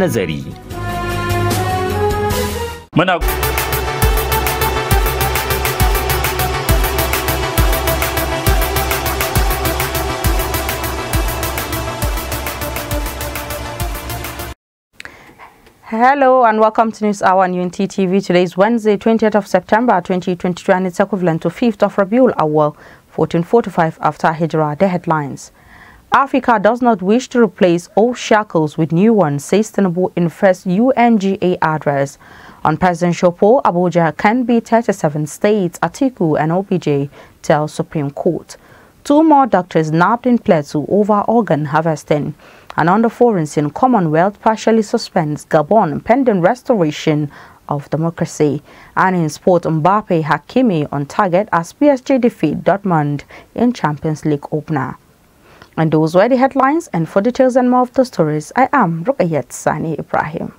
نظری من Hello and welcome to News Hour on UNT TV. Today is Wednesday, 20th of September 2022 and it's equivalent to 5th of Rabiul Awal, 1445 after Hijra. The headlines. Africa does not wish to replace old shackles with new ones, says Tinubu in first UNGA address. On presidential poll, Abuja can be 37 states, Atiku and OBJ tell Supreme Court. Two more doctors nabbed in Plateau over organ harvesting. And on the forensic Commonwealth partially suspends Gabon pending restoration of democracy. And in sport, Mbappe Hakimi on target as PSG defeat Dortmund in Champions League opener. And those were the headlines, and for details and more of the stories, I am Rukayet Sani Ibrahim.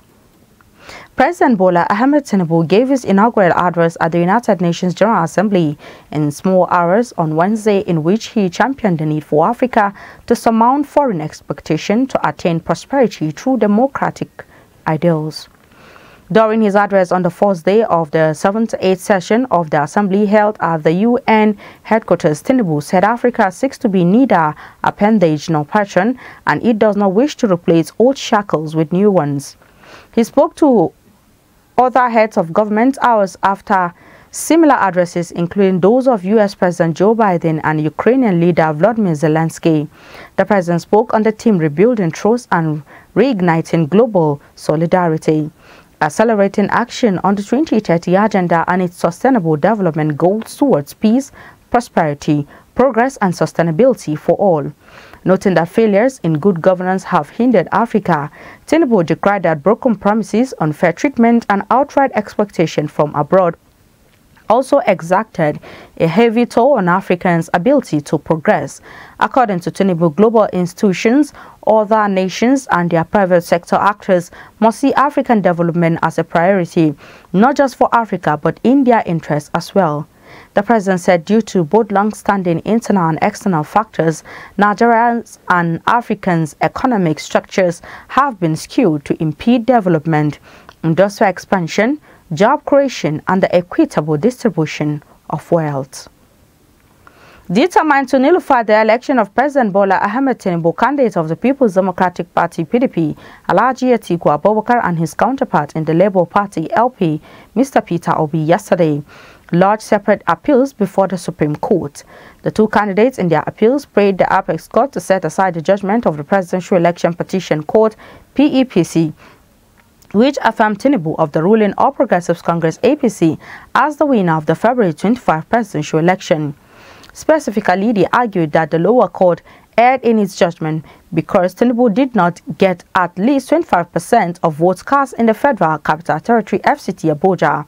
President Bola Ahmed Tinubu gave his inaugural address at the United Nations General Assembly in small hours on Wednesday in which he championed the need for Africa to surmount foreign expectation to attain prosperity through democratic ideals. During his address on the fourth day of the 7th 8th session of the assembly held at the UN headquarters, Tinubu said Africa seeks to be neither appendage nor patron and it does not wish to replace old shackles with new ones. He spoke to other heads of government hours after similar addresses, including those of U.S. President Joe Biden and Ukrainian leader Vladimir Zelensky. The president spoke on the theme rebuilding trust and reigniting global solidarity accelerating action on the 2030 agenda and its sustainable development goals towards peace, prosperity, progress and sustainability for all. Noting that failures in good governance have hindered Africa, Tinubu declared that broken promises, unfair treatment and outright expectation from abroad also exacted a heavy toll on Africans' ability to progress. According to Tinubu, global institutions, other nations and their private sector actors must see African development as a priority, not just for Africa but in their interests as well. The president said due to both long-standing internal and external factors, Nigerians and Africans' economic structures have been skewed to impede development, industrial expansion, job creation and the equitable distribution of wealth. Determined to nullify the election of President Bola Ahmed Tinubu, candidate of the People's Democratic Party (PDP), Alhaji Atiku Abubakar and his counterpart in the Labour Party (LP), Mr. Peter Obi, yesterday lodged separate appeals before the Supreme Court. The two candidates in their appeals prayed the apex court to set aside the judgment of the Presidential Election Petition Court (PEPC) which affirmed Tinubu of the ruling All Progressives Congress APC as the winner of the February 25 presidential election. Specifically, they argued that the lower court erred in its judgment because Tinubu did not get at least 25% of votes cast in the Federal Capital Territory FCT Abuja,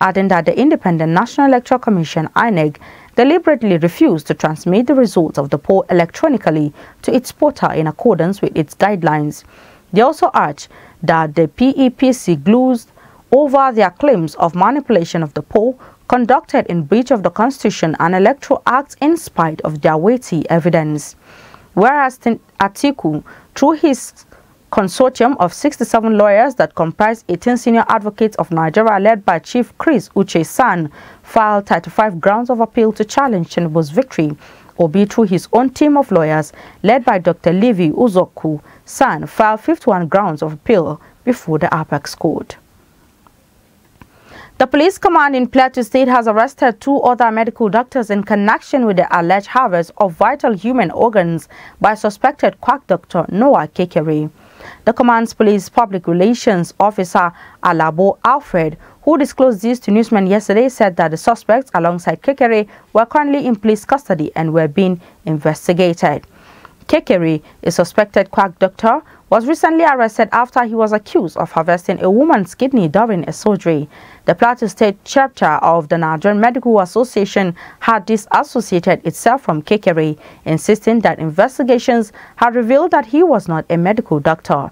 adding that the Independent National Electoral Commission INEC deliberately refused to transmit the results of the poll electronically to its portal in accordance with its guidelines. They also urge that the PEPC glues over their claims of manipulation of the poll conducted in breach of the Constitution and Electoral Act in spite of their weighty evidence. Whereas Atiku, through his consortium of 67 lawyers that comprise 18 senior advocates of Nigeria led by Chief Chris Uche San, filed 35 grounds of appeal to challenge Tinubu's victory or be through his own team of lawyers led by Dr. Levi Uzoku, San filed 51 grounds of appeal before the Apex Court. The police command in Plateau State has arrested two other medical doctors in connection with the alleged harvest of vital human organs by suspected quack doctor Noah Kekere. The command's police public relations officer, Alabo Alfred, who disclosed this to newsmen yesterday, said that the suspects, alongside Kekere, were currently in police custody and were being investigated. Kekere, a suspected quack doctor, was recently arrested after he was accused of harvesting a woman's kidney during a surgery. The Plateau State chapter of the Nigerian Medical Association had disassociated itself from Kekere, insisting that investigations had revealed that he was not a medical doctor.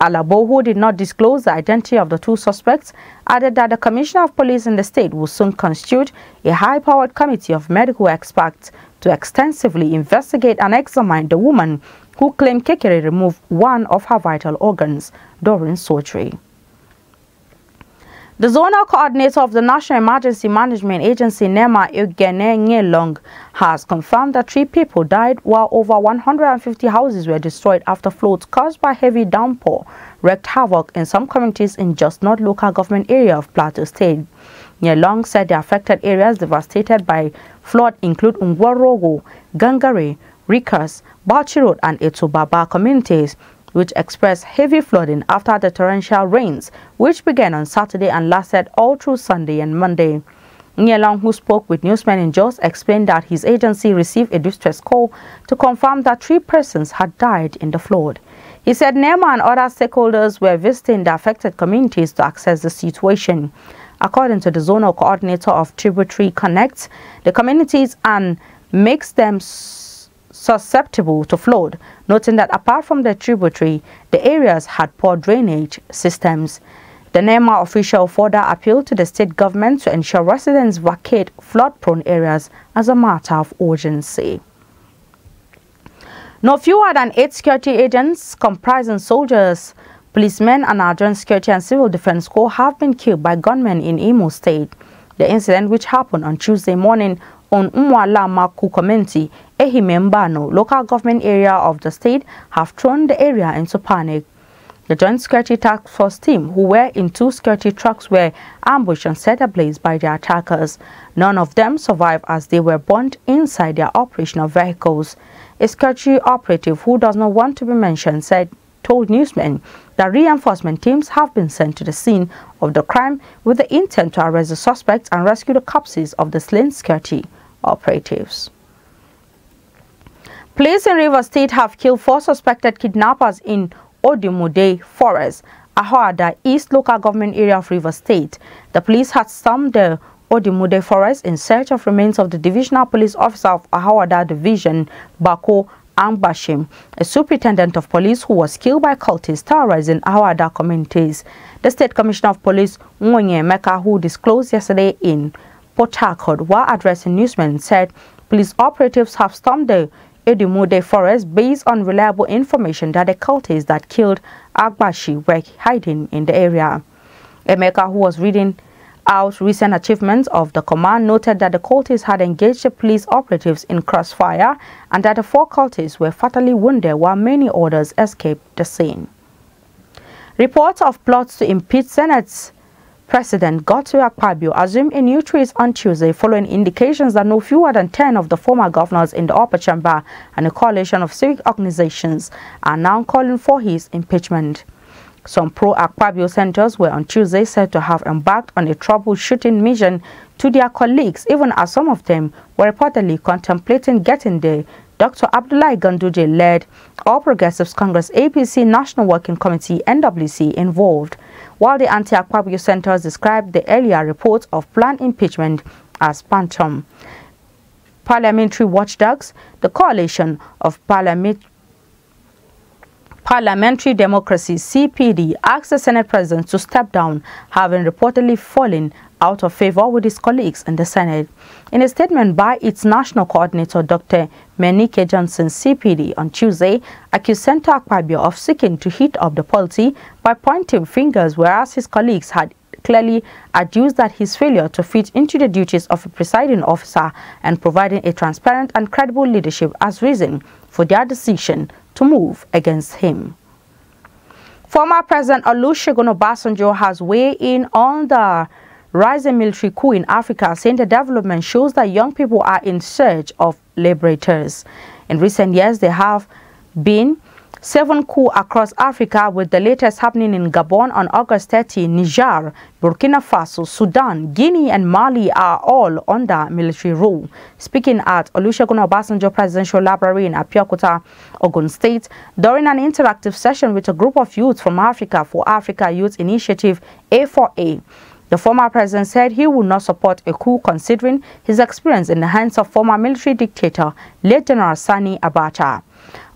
Alabo, who did not disclose the identity of the two suspects, added that the Commissioner of Police in the state will soon constitute a high-powered committee of medical experts to extensively investigate and examine the woman who claimed Kekere removed one of her vital organs during surgery. The zonal coordinator of the National Emergency Management Agency, NEMA, Eugene Ngelong, has confirmed that three people died while over 150 houses were destroyed after floods caused by heavy downpour wreaked havoc in some communities in just not local government area of Plateau State. Ngelong said the affected areas devastated by flood include Ngworogo, Gangare, Rikas, Bachi Road and Etubaba communities, which expressed heavy flooding after the torrential rains, which began on Saturday and lasted all through Sunday and Monday. Nyelong, who spoke with newsmen in Jos, explained that his agency received a distress call to confirm that three persons had died in the flood. He said NEMA and other stakeholders were visiting the affected communities to assess the situation. According to the zonal coordinator of Tributary Connect, the communities and makes them susceptible to flood, noting that apart from the tributary, the areas had poor drainage systems. The NEMA official further appealed to the state government to ensure residents vacate flood-prone areas as a matter of urgency. No fewer than eight security agents comprising soldiers, policemen and Nigerian Security and Civil Defense Corps have been killed by gunmen in Imo State. The incident, which happened on Tuesday morning on Umwala Maku community Ehimembano, local government area of the state, have thrown the area into panic. The Joint Security Task Force team, who were in two security trucks, were ambushed and set ablaze by the attackers. None of them survived as they were burned inside their operational vehicles. A security operative who does not want to be mentioned said told newsmen that reinforcement teams have been sent to the scene of the crime with the intent to arrest the suspects and rescue the corpses of the slain security operatives. Police in River State have killed four suspected kidnappers in Odimude Forest, Ahoada East Local Government Area of River State. The police had stormed the Odimude Forest in search of remains of the Divisional Police Officer of Ahawada Division, Bako Ambashim, a superintendent of police who was killed by cultists terrorizing Ahawada communities. The State Commissioner of Police, Wunye Meka, who disclosed yesterday in Port Harcourt while addressing newsmen, said police operatives have stormed the Edumude Forest based on reliable information that the cultists that killed Agbashi were hiding in the area. Emeka, who was reading out recent achievements of the command, noted that the cultists had engaged the police operatives in crossfire and that the four cultists were fatally wounded while many others escaped the scene. Reports of plots to impeach senates. President Godswill Akpabio assumed a new trees on Tuesday following indications that no fewer than 10 of the former governors in the upper chamber and a coalition of civic organizations are now calling for his impeachment. Some pro-Akpabio centers were on Tuesday said to have embarked on a troubleshooting mission to their colleagues, even as some of them were reportedly contemplating getting there Dr. Abdullahi Ganduje led All Progressives Congress APC National Working Committee NWC involved, while the anti-Aquabio centers described the earlier report of planned impeachment as phantom. Parliamentary watchdogs, the coalition of parliament Parliamentary Democracy CPD asked the Senate President to step down, having reportedly fallen out of favor with his colleagues in the Senate. In a statement by its national coordinator, Dr. Menike Johnson, CPD, on Tuesday, accused Senator Akpabio of seeking to heat up the policy by pointing fingers, whereas his colleagues had clearly adduced that his failure to fit into the duties of a presiding officer and providing a transparent and credible leadership as reason for their decision to move against him. Former President Olusegun Obasanjo has weighed in on the Rising military coup in Africa Center development shows that young people are in search of liberators. In recent years, there have been seven coups across Africa, with the latest happening in Gabon on August 30. Niger, Burkina Faso, Sudan, Guinea, and Mali are all under military rule. Speaking at Olusegun Obasanjo Presidential Library in Abeokuta, Ogun State, during an interactive session with a group of youth from Africa for Africa Youth Initiative A4A, the former president said he would not support a coup considering his experience in the hands of former military dictator late General Sani Abacha.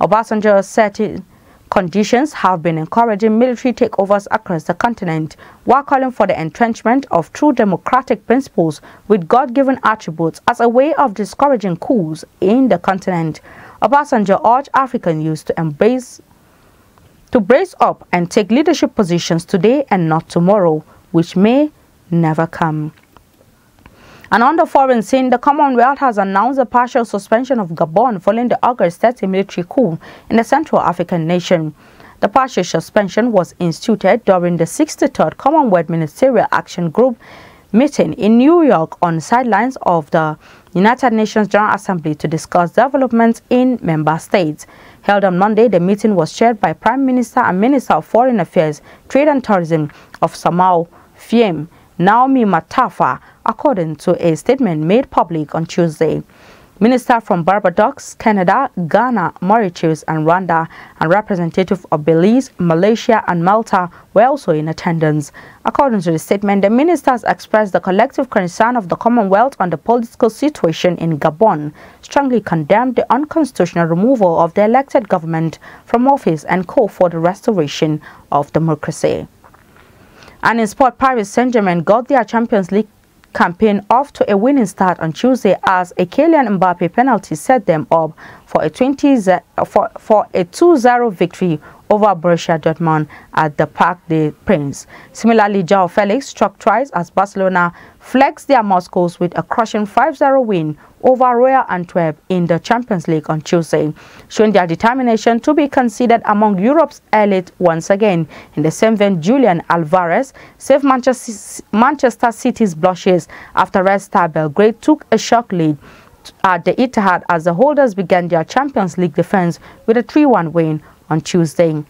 Obasanjo said conditions have been encouraging military takeovers across the continent while calling for the entrenchment of true democratic principles with God-given attributes as a way of discouraging coups in the continent. Obasanjo urged African youth to embrace to brace up and take leadership positions today and not tomorrow, which may never come. And on the foreign scene, the Commonwealth has announced a partial suspension of Gabon following the August 30 military coup in the Central African nation. The partial suspension was instituted during the 63rd Commonwealth Ministerial Action Group meeting in New York on sidelines of the United Nations General Assembly to discuss developments in member states. Held on Monday, the meeting was chaired by Prime Minister and Minister of Foreign Affairs, Trade and Tourism of Samoa, Fiem. Naomi Matafa, according to a statement made public on Tuesday. Minister from Barbados, Canada, Ghana, Mauritius and Rwanda and representative of Belize, Malaysia and Malta were also in attendance. According to the statement, the ministers expressed the collective concern of the Commonwealth on the political situation in Gabon, strongly condemned the unconstitutional removal of the elected government from office and called for the restoration of democracy. And in sport, Paris Saint-Germain got their Champions League campaign off to a winning start on Tuesday as a Kylian Mbappe penalty set them up for a 20 for, for a 2-0 victory over Borussia Dortmund at the Parc des Princes. Similarly, Joao Felix struck twice as Barcelona flexed their muscles with a crushing 5-0 win over Royal Antwerp in the Champions League on Tuesday, showing their determination to be considered among Europe's elite once again. In the same vein, Julian Alvarez saved Manchester, Manchester City's blushes after Red Star Belgrade took a shock lead at uh, the Etihad as the holders began their Champions League defense with a 3-1 win on Tuesday.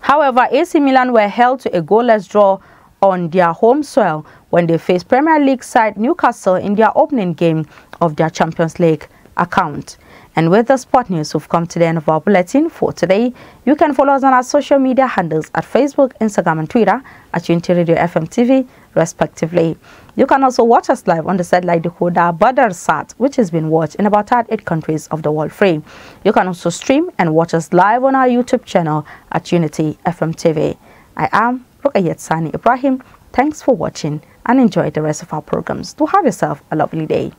However, AC Milan were held to a goalless draw on their home soil when they face Premier League side Newcastle in their opening game of their Champions League account. And with the sport news, we've come to the end of our bulletin for today. You can follow us on our social media handles at Facebook, Instagram, and Twitter at Unity Radio FM TV, respectively. You can also watch us live on the satellite decoder BudderSat, which has been watched in about 38 countries of the world free. You can also stream and watch us live on our YouTube channel at Unity FM TV. I am Rukayat Sani Ibrahim. Thanks for watching and enjoy the rest of our programs. Do have yourself a lovely day.